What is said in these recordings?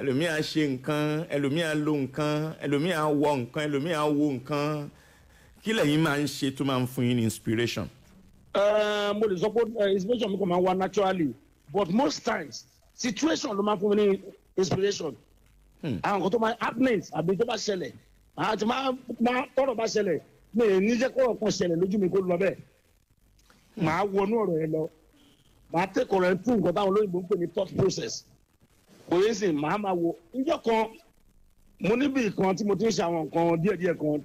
ẹlòmíì á ṣe nǹkan ẹlòmíì á lo nǹkan ẹlòmíì á wọ nǹkan ẹlòmíì á wo nǹkan kí lẹ̀yin máa ń ṣe tó máa ń fún yín ní inspiration. Eh, mo lè sọ pé eh, inspiration mi kò máa ń wá naturally but most times situation ló máa ń fún mi ní inspiration hmm. àwọn nǹkan tó máa happenings àbí tó bá ṣẹlẹ̀ àti máa tọrọ bá ṣẹlẹ̀ mi ò ní jẹ́ kọ́rọ̀ kan ṣẹlẹ̀ lójú mi kó lọ bẹ́ẹ̀ hmm. màá wọnú ọ̀rọ̀ yẹn lọ màá tẹ̀kọ̀rọ̀ ẹ̀ tún nǹkan táwọn olóyìnbó ń pè ní thought process kò yé sìn màá máa wo níjọ́ kan mo níbi kan tí mo ti ń ṣe àwọn nǹkan díẹ̀díẹ̀ kan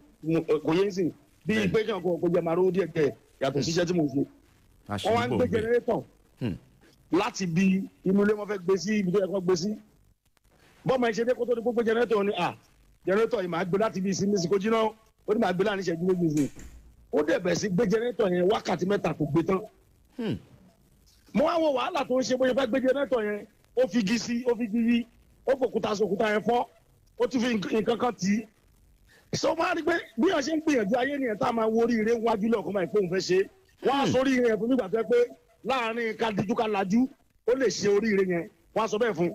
eh, kò yé sìn bíi pé kí ọkọ kò jẹ màá rówó díẹ̀díẹ̀ yàtọ̀ síṣẹ́ tí mo ṣe wọ́n wá ń gbé jẹnẹrétọ̀ hmm. láti bi inú ilé wọn fẹ́ gbé sí ibi tó yẹ kó gbé sí bọ́ọ̀mù ẹ̀ ṣe dé kó tó gbogbo jẹnẹrétọ̀ ni à jẹnẹrétọ̀ yìí màá gbé láti bí ìsinmi sìnkó jiná ó ní màá gbé láàrin ìṣẹ́jú méjì sí ó dẹ̀ sí gbé jẹnẹrétọ̀ yẹn wákàtí mẹ́ta kò gbé tán hmm. mo wá wo wàhálà tó ń ṣe bóyá fẹ́ gbé jẹnẹrétọ̀ yẹn ó fi igi sí ó fi igi yí ó fòkúta sòkúta yẹn fọ́ ó tún fi nǹkan kan tì í so máa rí pé bí wọ́n ṣe ń gbìyànjú ayé nìyẹn tá a máa wo oríire wájú lọ́kàn máa ìfowópamọ́ fẹ́ ṣe wọ́n á sọ oríire yẹn fún mi gbàgbé pé láàárín ká dijú ká lajú ó lè ṣe oríire yẹn wọ́n á sọ bẹ́ẹ̀ fún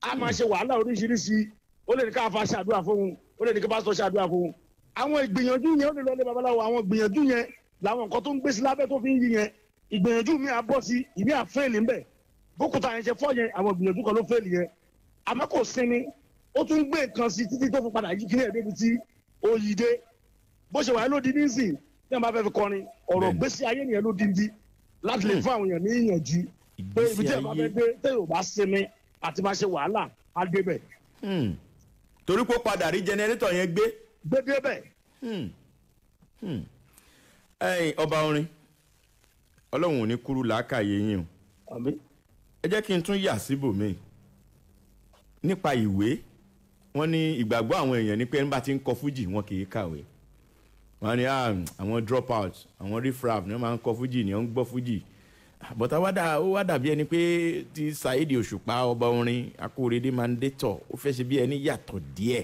a máa ṣe wàhálà oríṣiríṣi ó lè ní ká fa ṣàdúrà fún un ó lè ní ká pásítọ̀ ṣàdúrà fún un àwọn ìgbìyànjú yẹn ó lè lọ ilé babaláwo àwọn ìgbìyànjú yẹn làwọn nǹkan tó ń gbé sí lábẹ́ tó fi ń yí yẹn ìgbìyànjú mi à bọ́ sí ìmí à fẹ́ẹ̀lì ńbẹ̀ bókútà yẹn ṣe fọ́ yẹn àwọn ìgbìyànjú kan ló fẹ́ nìyẹn àmọ́ kò sinmi ó tún gbé nǹkan sí títí tó fi padà yí kílẹ̀ débi tí ó yí dé bó ṣe wà ló di nísìn ní àwọn bá fẹ́ fi kọrin ọ̀rọ̀ gbèsè ayé nìyẹn ló di ń di láti lè fún àwọn èèyàn ní ìyànjú pé ibi tí ẹ bá fẹ́ dé bá sinmi àti máa ṣe wàhálà á débẹ̀. Hmm. torí pé ó padà rí jẹnẹrétọ̀ yẹn gbé. gbé débẹ̀. Hmm. Hmm. ọba orin ọlọ́run ò ní kúrú làákàyè yín o ẹ jẹ́ kí n tún yà síbòmíì nípa ìwé wọ́n ní ìgbàgbọ́ àwọn èèyàn ní pé ẹni bá ti ń kọ fújì wọn kì í kàwé wọ́n ní ah, àwọn drop out àwọn refraf ni wọ́n máa ń kọ fújì ni wọ́n ń gbọ́ fújì bọ́tà ó wá dàbí ẹni pé ti Saheed Òṣùpá ọba orin Akóredé máa ń dé tọ̀ ó fẹ́ ṣe bí ẹni yàtọ̀ díẹ̀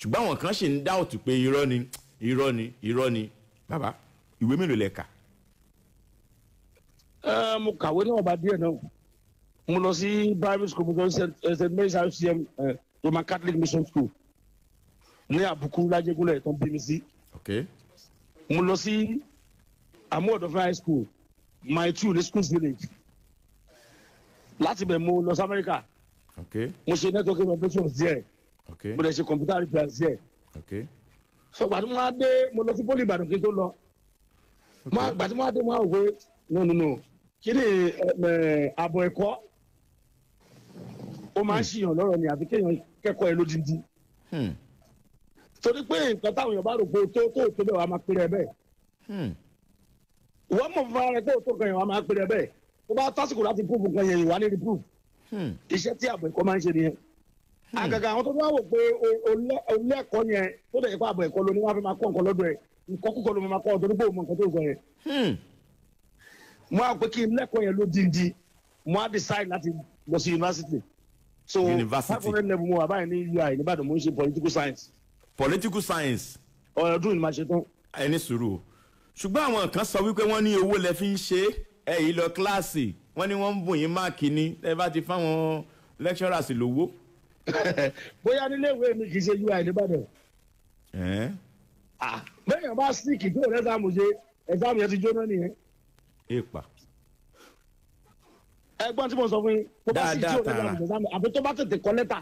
ṣùgbọ́n àwọn kan ṣì ń dá òtù pé irọ́ ni irọ́ ni irọ́ ni bàbá ìwé mélòó lẹ ah, mo kàwé náà bá díẹ̀ náà mo lọ sí primary school mo lọ sí st eh, mary's rcm eh, roman catholic mission school ní àbùkù lájẹgúnlẹ̀ tó ń bí mi sí. mo lọ sí amúọ̀dọ̀fẹ́ high school my two ní school village láti bẹ̀ mo lọ sí amẹ́ríkà mo ṣe networking operations díẹ̀ mo lè ṣe computer repairs díẹ̀ sọgbà tí mo wá dé mo lọ sí poli ìbàdàn kí n tó lọ gbà mo wá dé mo wá wò pé no no no kí ni eh, àbọ̀ ẹ̀kọ́ ó máa ń hmm. ṣìyàn lọ́rọ̀ ni àfi kéèyàn kẹ́kọ̀ọ́ ẹ lódindi hmm. torí pé nǹkan táwọn èèyàn bá rò pé o tó kó o tó bẹ́ẹ̀ wàá máa pèrè bẹ́ẹ̀ hmm. wọ́n mọ̀ fún ara rẹ pé o tó kan yẹn wàá máa pèrè bẹ́ẹ̀ tó bá tásìkò láti púpù kan yẹn ìwà nídìí púpù iṣẹ́ tí àbọ̀ ẹ̀kọ́ máa ń ṣe nìyẹn àgàgà àwọn tó bá wò pé olẹ́ẹ̀kọ́ yẹn tó dẹ̀ fún àbọ̀ ẹ̀kọ́ ló ní wọ́n á máa kọ́ decide láti lọ sí yunifásitì so five hundred level mo wà báyìí ui nìbàdàn mo ń ṣe political science. political science. ọdún ni màá ṣe tán. ẹni sùúrù ṣùgbọ́n àwọn kan sọ wípé wọ́n ní owó lẹ fi ń ṣe ẹ yìí lọ kíláàsì wọ́n ní wọ́n ń bùn yín máàkì ni ẹ bá ti fáwọn lecturers lówó. bóyá nílé ìwé mi kì í ṣe ui nìbàdàn. Ah, bẹ́ẹ̀ bá sick tó rẹ̀ sáà mo ṣe ẹ̀sáàmù yẹn ti jóná nìyẹn. èèpà ẹ̀gbọ́n tí mo sọ fún yín tó bá sì tí ò ní gbàgbọ́ sàmì tó bá tètè kọ lẹ́tà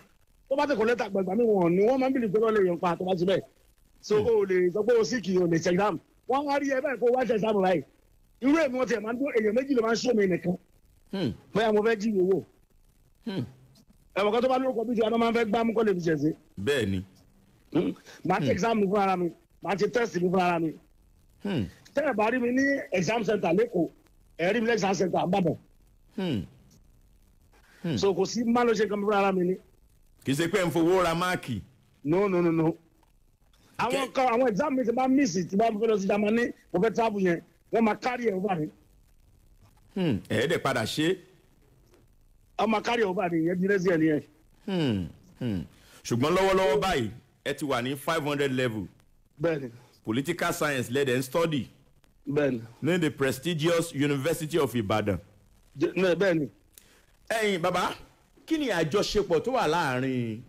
tó bá tètè kọ lẹ́tà gbàgbà mi wọ̀n ni wọ́n máa ń bìlì pé wọ́n lè pa tó bá ti bẹ́ẹ̀ so hmm. o lè sọ pé o sì kì í o lè ṣe exam wọ́n wá rí ẹ bẹ́ẹ̀ kó wá ṣe exam láì irú èmi wọn tiẹ̀ máa ń tó èèyàn méjì ló máa ń sọ mi nìkan hmm. bẹ́ẹ̀ mo fẹ́ jí ìwé wò hmm. tẹ́lẹ̀ bá rí mi ní exam center lẹ́kọ̀ọ́ ẹ̀rí mi ní exam center àbàbọ̀ Hmm. Hmm. so kò sí má ló ṣe kan fúnra mi ni. kì í ṣe pé n fowó ra máàkì. no no no no àwọn kan àwọn exam mi ti bá miss ti bá fẹ́ lọ sí Jámánì mo fẹ́ travel yẹn wọ́n máa carry ẹ̀ over mi. Hmm. ẹ̀ẹ́dẹ̀ padà ṣe. wọ́n máa carry ẹ̀ over mi yẹn bí rẹ́sì ẹ̀ nìyẹn. ṣùgbọ́n lọ́wọ́lọ́wọ́ báyìí ẹ ti wà ní five hundred level. bẹ́ẹ̀ni. political science led and study. bẹ́ẹ̀ni. ní the prestigious University of Ibadan náà bẹ́ẹ̀ ni. ẹ̀yin bàbá kí ni àjọṣepọ̀ tó wà láàrin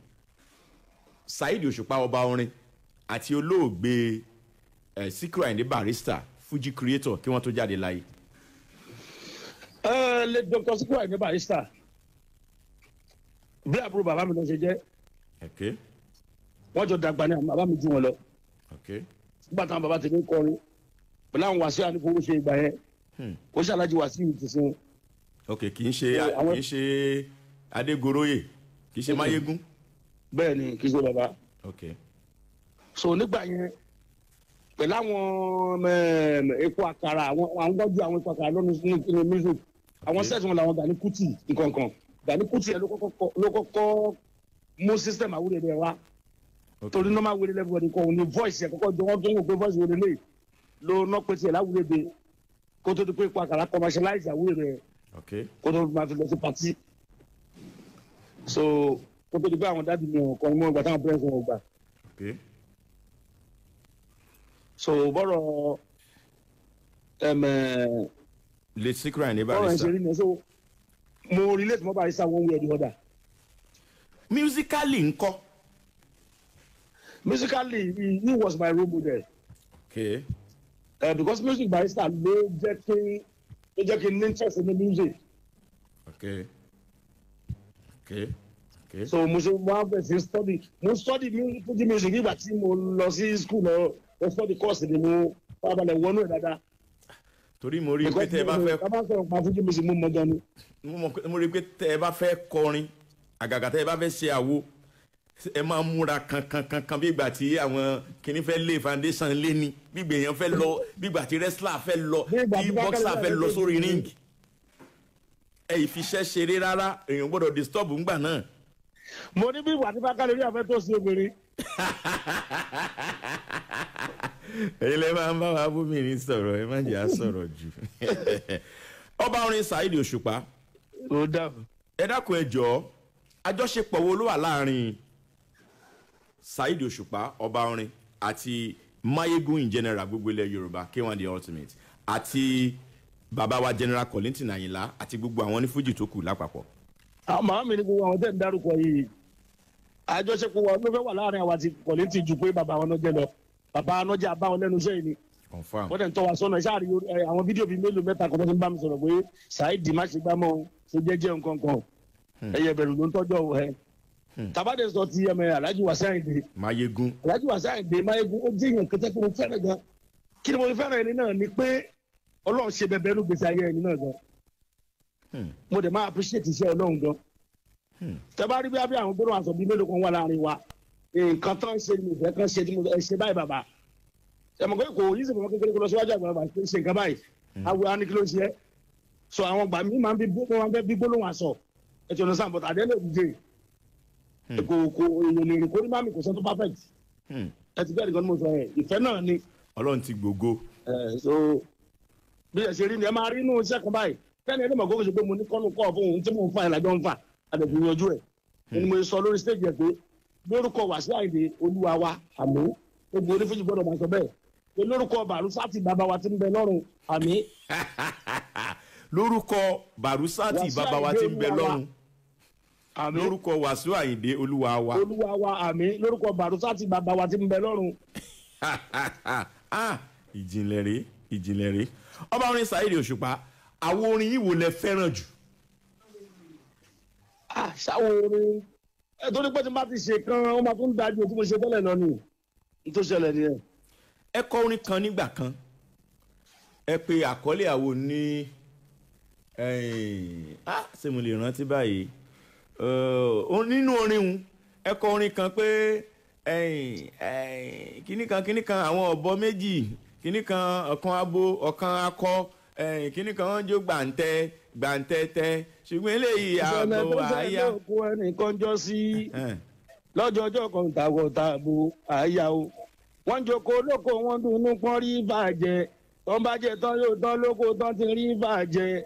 Saheed Òṣùpá ọba orin àti olóògbé ẹ̀ Síkírù Àyìndé Barrister Fuji creator kí wọ́n tó jáde láyé. ẹ lè Dr. Síkírù Àyìndé Barrister bí àbúrò bàbá mi lọ ṣe jẹ́ wọ́n jọ dàgbà ní àwọn bàbá mi jù wọn lọ nígbà táwọn bàbá ti ní kọrin pẹ̀lú àwọn wàásù ànífowó ṣe ìgbà yẹn ó hmm. ṣàlàjì wàásù yìí ti ok kì í ṣe eh, kì í ṣe Adégoróyè kì í ṣe Máyégún. bẹ́ẹ̀ kì í ṣe bàbá. ok. so nígbà yẹn pẹ̀lú àwọn um, um, epo àkàrà àwọn gbọ́jú àwọn epo àkàrà lọ́nu nínú music àwọn sẹ́ẹ̀tì wọn làwọn Gani Kuti nkankan Gani Kuti yẹn ló kọ́kọ́ mú system àwúrẹ́dẹ wa torí normal wele level ni kò ní voice yẹn kọ́kọ́ jọ wọ́n tó ń wò pé voice wele lè lo nọ́pẹ̀tì ẹ̀ láwúrẹ́dẹ kó tó di pé epo àkàrà commercialize àwúrẹ́dẹ kó tó máa fi lọ sí pati so kó tó di pé àwọn dáàbì mi ò kọ́ ọmọ ìgbà táwọn pẹ́ẹ́sì wọn gbà so bọ́rọ̀ eh, le sikra ní barista bọ́rọ̀ ẹ̀ ṣe rí mi so mo relate mọ́ barista one way or the other. musically ńkọ́. musically he, he was my role model. okay. Uh, because music barista ló jẹ́ kí ló jẹ́ kí n ní interest ní music. okay okay okay. so mo ṣe wá bẹ̀ sí study mo study fújì music nígbà tí mo lọ sí school lọ mo study course ni mo farabalẹ̀ wọnú ẹ̀ dáadáa. torí mo rí i pé tẹ ẹ bá fẹ́. ká bá sọ̀rọ̀ pa fújì music mo mọ gan ni. mo rí i pé tẹ ẹ bá fẹ́ kọrin àgàgà tẹ ẹ bá fẹ́ ṣe àwo ẹ máa múra kankankankan bí ìgbà tí àwọn kìnní fẹ́ lé foundation lé ní gbígbé èèyàn fẹ́ lọ bí ìgbà tí wrestler fẹ́ lọ bí boxer fẹ́ lọ sórí ring ẹ ìfiṣẹ́ ṣeré rárá èèyàn gbọ́dọ̀ disturb ńgbà náà. mo ní bí ìwà tí bákàlẹ́ rí àfẹ́ tó sí obìnrin. èyí lè máa ń bá wa bómìnrin sọ̀rọ̀ ẹ má jẹ́ à sọ̀rọ̀ jù. ọba orin Saheed Òṣùpá. ó dàbọ̀. ẹ dákun ẹ jọ̀ọ́ àjọṣepọ̀ wo ló wà láàrin saheed òṣùpá ọba orin àti mayegun in general gbogbo ilẹ̀ yorùbá k1 the ultimate àti bàbá wa general collington àyìnlá àti gbogbo àwọn onífújì tó kù lápapọ̀. Ah, àmọ́ mi ni gbogbo àwọn tẹ́ ń dárúkọ yìí àjọṣepọ̀ wa ló fẹ́ wà láàrin àwa àti collington ju pé bàbá wọn lọ́jẹ́ lọ bàbá wọn lọ́jẹ́ àbá wọn lẹ́nu iṣẹ́ yìí ni confam. wọ́n tẹ̀ ń tọ́ wa sọ́nà ṣáàrí eh, àwọn fídíò bíi mélòó mẹ́ta kan tó ti ń bá mi sọ̀rọ̀ pé ṣáìdì má gbámọ́ ṣe jẹ́jẹ́ nǹkan kan hmm. ẹ̀yẹ bẹ̀rù ló ń tọ́jọ́ ẹ̀ Hmm. tabade sọ ti yẹmẹ alhaji wasa yin de. mayegun. alhaji wasa yin de mayegun ó jẹ́ èèyàn kẹtẹ́ fún fẹ́rẹ̀ gan kí ni mo fẹ́ràn ẹni náà ni pé ọlọ́run ṣe bẹbẹ ẹnu gbèsè ayé ẹni náà gan hmm. mo dẹ̀ máa appreciate iṣẹ́ ọlọ́run gan hmm. tẹ́bárí bí abẹ́ àwọn gbọ́dọ̀ àṣọ bíi mélòó kan wà láàrin wa nǹkan tán ṣe ni ìfẹ́ kan ṣe ni ẹ ṣe báyìí bàbá ẹ̀mọ̀gbẹ́ kò yí sèpamọ́ kékeré kó lọ síwájú àgbàlagbà ṣe nǹkan báyìí awo á ní kí ló ń ṣe é so àwọn gbà mí máa ń bí gbólóhùn àṣọ ẹ̀tọ́ ní sàn bọ̀tà àdéhùn èdè Hmm. kò kò èèyàn lè rìn kó rí mami kò sẹ́ni tó perfect hmm. ẹ ti bẹ́ẹ̀ nìkan ni mo sọ yẹn ìfẹ́ náà ni. ọlọ́run ti gbogbo. ẹ so bí ẹ ṣe rí ni ẹ máa rí inú iṣẹ́ kan báyìí kẹ́ni ẹni mọ̀ kókò ṣe pé mo ní kọ́nù kọ́ fún òun tí mò ń fa ìlàjọ ń fa àdàbò yanjú ẹ̀ ni hmm. mo sọ lórí stage ẹ̀ pé lórúkọ wàsí àyìnlé olúwa wa àmọ́ gbogbo onífojì gbọ́dọ̀ máa sọ bẹ́ẹ̀ lórúkọ bàrúsátì bàbá wa ti ń bẹ lọ́run àmì. lórúkọ bàrúsátì bàbá wa ti ń bẹ lọ́run àmín lórúkọ wàsíù àyìndé olúwa wa. olúwa wa àmín lórúkọ bàrúsà àti bàbá wa ti ń bẹ lọ́run. Ah, ìjìnlẹ̀ rèé ìjìnlẹ̀ rèé ọba orin Saheed Òṣùpá àwọn orin yìí wo lẹ fẹ́ràn jù. Ah, ṣáwo orin ẹ torí pé tí n bá ti ṣe kan ó máa tún dájú tí mo ṣe tẹ́lẹ̀ lọ nù n tó ṣẹlẹ̀ nìyẹn. ẹ kọ orin kan nígbà kan ẹ pe àkọlé àwo ní ah, ṣé mo lè rántí báyìí. Eh, nínú orin un ẹ orin kan pé kíní kan kíní kan àwọn ọ̀bọ méjì kíní kan ọ̀kan abo ọ̀kan akọ kan wọ́n jó gbàǹtẹ́ gbàǹtẹ́ ṣùgbọ́n eléyìí ààbò àyà. jọ sí lọ́jọ́ ọjọ́ kan wọ́n jókòó olóko wọn pọ́n rí bàjẹ́ jẹ yóò lóko ti rí bàjẹ́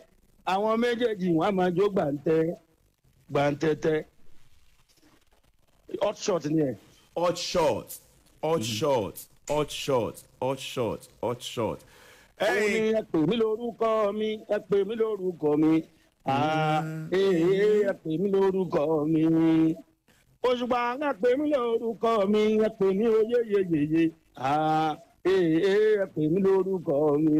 àwọn méjèèjì wọn máa gbàǹtẹ̀tẹ̀ hot shot ni ẹ. hot shot hot shot hot shot hot shot hot shot. òun ni ẹ pè mí lórúkọ mi ẹ pè mí lórúkọ mi mm. eh, eh, ẹ pè mí lórúkọ mi òṣùpá ẹ pè mí lórúkọ mi ẹ pè mí oyeyeyeye eh, ẹ pè mí lórúkọ mi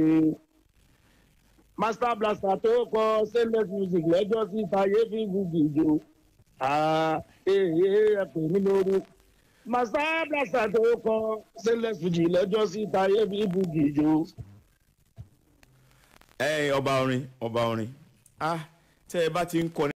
master blaster tó kọ stainless music lẹ́jọ́ sí fàyè fi gùgì jò èèyàn ẹ̀pẹ̀ mi lóru master blaster tó kọ stainless music lẹ́jọ́ sí fàyè fi gùgì jò. ẹ ọba orin ọba orin ah tẹ ẹ bá ti ń kọrin.